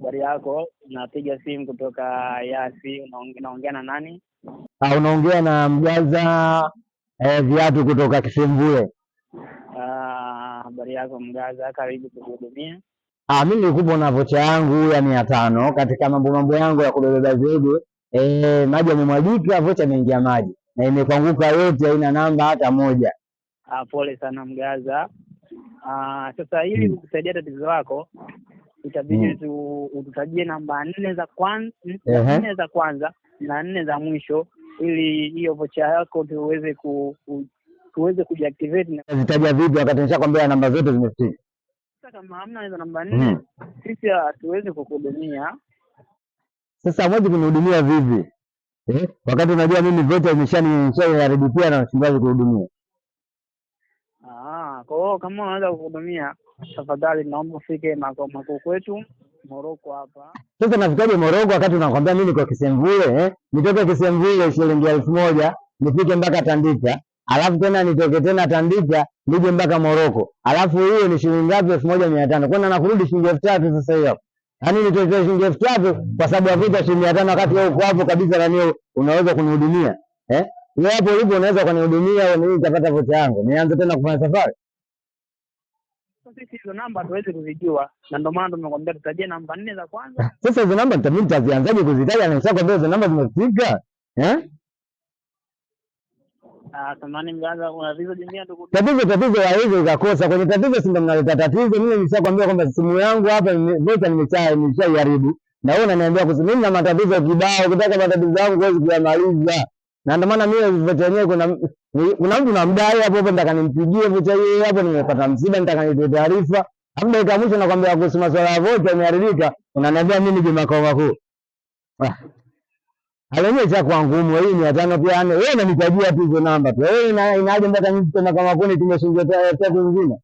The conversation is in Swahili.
Habari yako, unapiga simu kutoka Yasi. Unaongea na nani? Ah, unaongea na Mgaza eh, viatu kutoka Kisemvule. Ah, habari yako Mgaza, karibu kuhudumia. Ah, mimi nilikuwa vocha yangu ya mia tano katika mambo mambo yangu ya kubebeba zege eh, maji yamemwagika, vocha imeingia maji na imekwanguka yote, haina namba hata moja. Ah, pole sana Mgaza. Ah, sasa ili hmm. kukusaidia tatizo lako itabidi mm. ututajie namba nne za kwanza uh-huh. nne za kwanza na nne za mwisho ili hiyo vocha yako tuweze ku, ku tuweze kujiactivate. Zitaja vipi wakati nishakwambia namba zote zimefika? Sasa kama hamna hizo namba nne hmm. sisi hatuwezi kukuhudumia. Sasa huwezi kunihudumia vipi eh? wakati unajua mimi vocha imeshaniharibia na wachimbaji kuhudumia. Ah, kwa hiyo kama unaweza kuhudumia tafadhali naomba ufike makao makuu kwetu Moroko hapa. Sasa nafikaje Moroko wakati unakwambia mimi niko Kisemvule eh? Nitoke Kisemvule shilingi elfu moja nifike mpaka Tandika alafu tena nitoke tena Tandika nije mpaka Moroko, alafu hiyo ni shilingi ngapi? elfu moja mia tano kwenda na kurudi shilingi elfu tatu Sasa hiyo yaani nitoke shilingi elfu tatu kwa sababu ya vita shilingi mia tano wakati uko hapo kabisa, nani unaweza kunihudumia eh? Hapo ulipo unaweza kunihudumia au mimi nitapata vocha yangu nianze tena kufanya safari sisi hizo namba hatuwezi kuzijua, na ndio maana tumekwambia tutajie namba nne za kwanza. Ah, sasa hizo namba mtafiti tazianzaje kuzitaja na ushakwambia hizo namba zimefika eh? Ah, tatizo tatizo la hizo ukakosa kwenye tatizo, si ndio mnaleta tatizo. Mimi nishakwambia kwamba simu yangu hapa vocha nimeshaiharibu, na wewe unaniambia kuhusu mimi na matatizo kibao. Ukitaka matatizo yangu huwezi kuyamaliza, na ndio maana mimi vocha yenyewe kuna kuna mtu namdai hapo hapo, nataka nimpigie vocha hiyo hapo, nimepata msiba, nataka nitoe taarifa. Labda dakika mwisho nakwambia kuhusu masuala ya vocha imeharibika, unaniambia mimi je makao makuu alenye cha kwa ngumu hii ni atano pia ane wewe unanitajia tu hizo namba tu wewe, inaje mpaka nitoe makao makuu tumeshingia tatu nzima